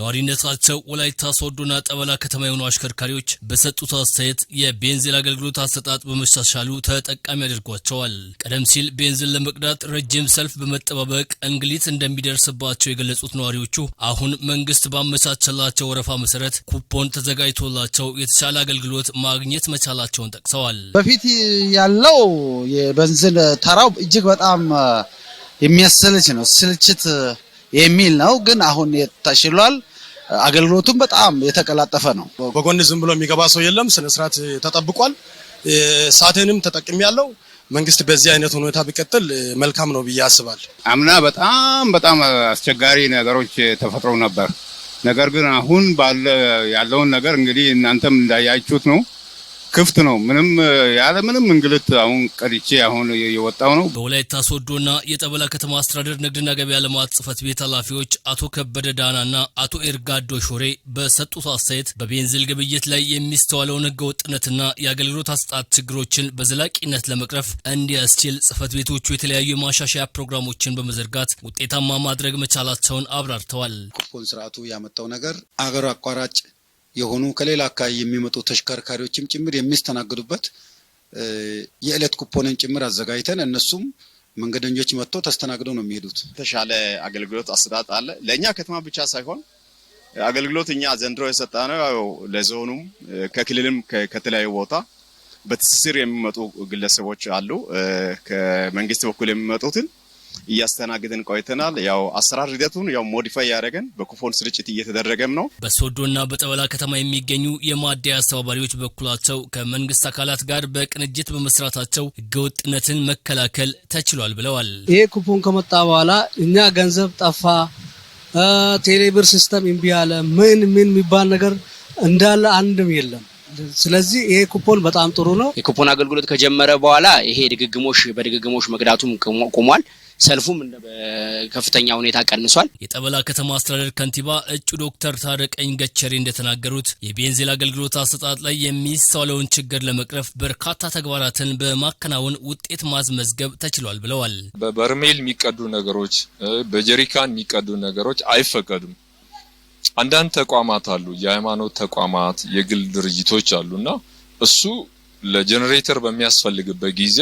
ነዋሪነታቸው ወላይታ ሶዶና ጠበላ ከተማ የሆኑ አሽከርካሪዎች በሰጡት አስተያየት የቤንዚን አገልግሎት አሰጣጥ በመሻሻሉ ተጠቃሚ አድርጓቸዋል። ቀደም ሲል ቤንዚን ለመቅዳት ረጅም ሰልፍ በመጠባበቅ እንግሊት እንደሚደርስባቸው የገለጹት ነዋሪዎቹ አሁን መንግስት ባመቻቸላቸው ወረፋ መሰረት ኩፖን ተዘጋጅቶላቸው የተሻለ አገልግሎት ማግኘት መቻላቸውን ጠቅሰዋል። በፊት ያለው የቤንዚን ተራው እጅግ በጣም የሚያሰልች ነው። ስልችት የሚል ነው። ግን አሁን ተሽሏል። አገልግሎቱም በጣም የተቀላጠፈ ነው። በጎን ዝም ብሎ የሚገባ ሰው የለም። ስነስርዓት ተጠብቋል። ሳቴንም ተጠቅሚ ያለው መንግስት በዚህ አይነት ሁኔታ ቢቀጥል መልካም ነው ብዬ አስባል። አምና በጣም በጣም አስቸጋሪ ነገሮች ተፈጥሮ ነበር። ነገር ግን አሁን ያለውን ነገር እንግዲህ እናንተም እንዳያችሁት ነው ክፍት ነው። ምንም ያለ ምንም እንግልት አሁን ቀድቼ አሁን የወጣው ነው። በወላይታ ሶዶና የጠበላ ከተማ አስተዳደር ንግድና ገበያ ልማት ጽፈት ቤት ኃላፊዎች አቶ ከበደ ዳናና አቶ ኤርጋዶ ሾሬ በሰጡት አስተያየት በቤንዚል ግብይት ላይ የሚስተዋለውን ህገወጥነትና የአገልግሎት አሰጣጥ ችግሮችን በዘላቂነት ለመቅረፍ እንዲያስችል ጽህፈት ቤቶቹ የተለያዩ የማሻሻያ ፕሮግራሞችን በመዘርጋት ውጤታማ ማድረግ መቻላቸውን አብራርተዋል። ኩፖን ስርዓቱ ያመጣው ነገር አገር አቋራጭ የሆኑ ከሌላ አካባቢ የሚመጡ ተሽከርካሪዎችም ጭምር የሚስተናግዱበት የዕለት ኩፖንን ጭምር አዘጋጅተን እነሱም መንገደኞች መጥቶ ተስተናግደው ነው የሚሄዱት። የተሻለ አገልግሎት አሰጣጥ አለ። ለእኛ ከተማ ብቻ ሳይሆን አገልግሎት እኛ ዘንድሮ የሰጠ ነው ለዞኑም ከክልልም ከተለያዩ ቦታ በትስስር የሚመጡ ግለሰቦች አሉ ከመንግስት በኩል የሚመጡትን እያስተናግድን ቆይተናል። ያው አሰራር ሂደቱን ያው ሞዲፋይ ያደረገን በኩፎን ስርጭት እየተደረገም ነው። በሶዶና በጠበላ ከተማ የሚገኙ የማደያ አስተባባሪዎች በኩላቸው ከመንግስት አካላት ጋር በቅንጅት በመስራታቸው ህገወጥነትን መከላከል ተችሏል ብለዋል። ይሄ ኩፖን ከመጣ በኋላ እኛ ገንዘብ ጠፋ፣ ቴሌብር ሲስተም እምቢ አለ፣ ምን ምን የሚባል ነገር እንዳለ አንድም የለም። ስለዚህ ይሄ ኩፖን በጣም ጥሩ ነው። የኩፖን አገልግሎት ከጀመረ በኋላ ይሄ ድግግሞሽ በድግግሞሽ መግዳቱም ቆሟል። ሰልፉም ከፍተኛ ሁኔታ ቀንሷል። የጠበላ ከተማ አስተዳደር ከንቲባ እጩ ዶክተር ታረቀኝ ገቸሬ እንደተናገሩት የቤንዚል አገልግሎት አሰጣጥ ላይ የሚስተዋለውን ችግር ለመቅረፍ በርካታ ተግባራትን በማከናወን ውጤት ማስመዝገብ ተችሏል ብለዋል። በበርሜል የሚቀዱ ነገሮች፣ በጀሪካን የሚቀዱ ነገሮች አይፈቀዱም። አንዳንድ ተቋማት አሉ፣ የሃይማኖት ተቋማት፣ የግል ድርጅቶች አሉ እና እሱ ለጀኔሬተር በሚያስፈልግበት ጊዜ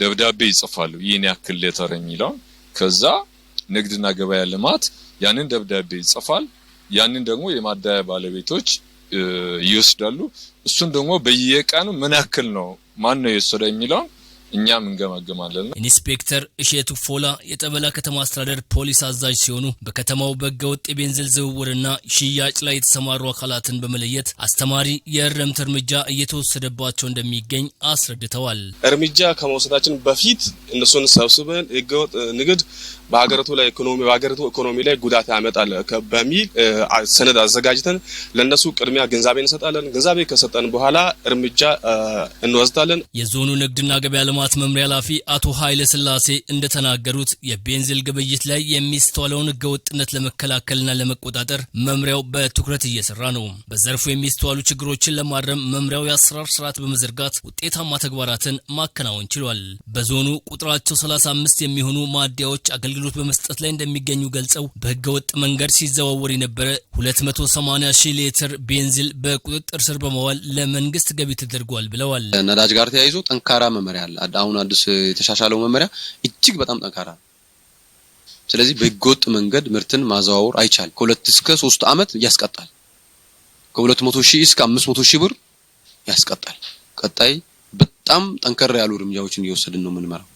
ደብዳቤ ይጽፋሉ። ይህን ያክል ሌተር የሚለው ከዛ ንግድና ገበያ ልማት ያንን ደብዳቤ ይጽፋል። ያንን ደግሞ የማዳያ ባለቤቶች ይወስዳሉ። እሱን ደግሞ በየቀኑ ምን ያክል ነው ማን ነው የወሰደ የሚለውን እኛም እንገማገማለን። ኢንስፔክተር እሼቱ ፎላ የጠበላ ከተማ አስተዳደር ፖሊስ አዛዥ ሲሆኑ በከተማው በህገወጥ የቤንዚል ዝውውርና ሽያጭ ላይ የተሰማሩ አካላትን በመለየት አስተማሪ የእርምት እርምጃ እየተወሰደባቸው እንደሚገኝ አስረድተዋል። እርምጃ ከመውሰዳችን በፊት እነሱን ሰብስበን ህገወጥ ንግድ በሀገሪቱ ላይ ኢኮኖሚ በሀገሪቱ ኢኮኖሚ ላይ ጉዳት ያመጣል በሚል ሰነድ አዘጋጅተን ለእነሱ ቅድሚያ ግንዛቤ እንሰጣለን። ግንዛቤ ከሰጠን በኋላ እርምጃ እንወስዳለን። የዞኑ ንግድና ገበያ ልማት መምሪያ ኃላፊ አቶ ኃይለ ስላሴ እንደተናገሩት የቤንዚል ግብይት ላይ የሚስተዋለውን ህገወጥነት ለመከላከልና ለመቆጣጠር መምሪያው በትኩረት እየሰራ ነው። በዘርፉ የሚስተዋሉ ችግሮችን ለማረም መምሪያው የአሰራር ስርዓት በመዘርጋት ውጤታማ ተግባራትን ማከናወን ችሏል። በዞኑ ቁጥራቸው 35 የሚሆኑ ማደያዎች አገልግሎ አገልግሎት በመስጠት ላይ እንደሚገኙ ገልጸው በህገወጥ መንገድ ሲዘዋወር የነበረ 280 ሺህ ሊትር ቤንዚል በቁጥጥር ስር በመዋል ለመንግስት ገቢ ተደርጓል ብለዋል። ነዳጅ ጋር ተያይዞ ጠንካራ መመሪያ አለ። አሁን አዲስ የተሻሻለው መመሪያ እጅግ በጣም ጠንካራ ነው። ስለዚህ በህገወጥ መንገድ ምርትን ማዘዋወር አይቻልም። ከሁለት እስከ ሶስት ዓመት ያስቀጣል። ከሁለት መቶ ሺህ እስከ አምስት መቶ ሺህ ብር ያስቀጣል። ቀጣይ በጣም ጠንከር ያሉ እርምጃዎችን እየወሰድን ነው የምንመራው።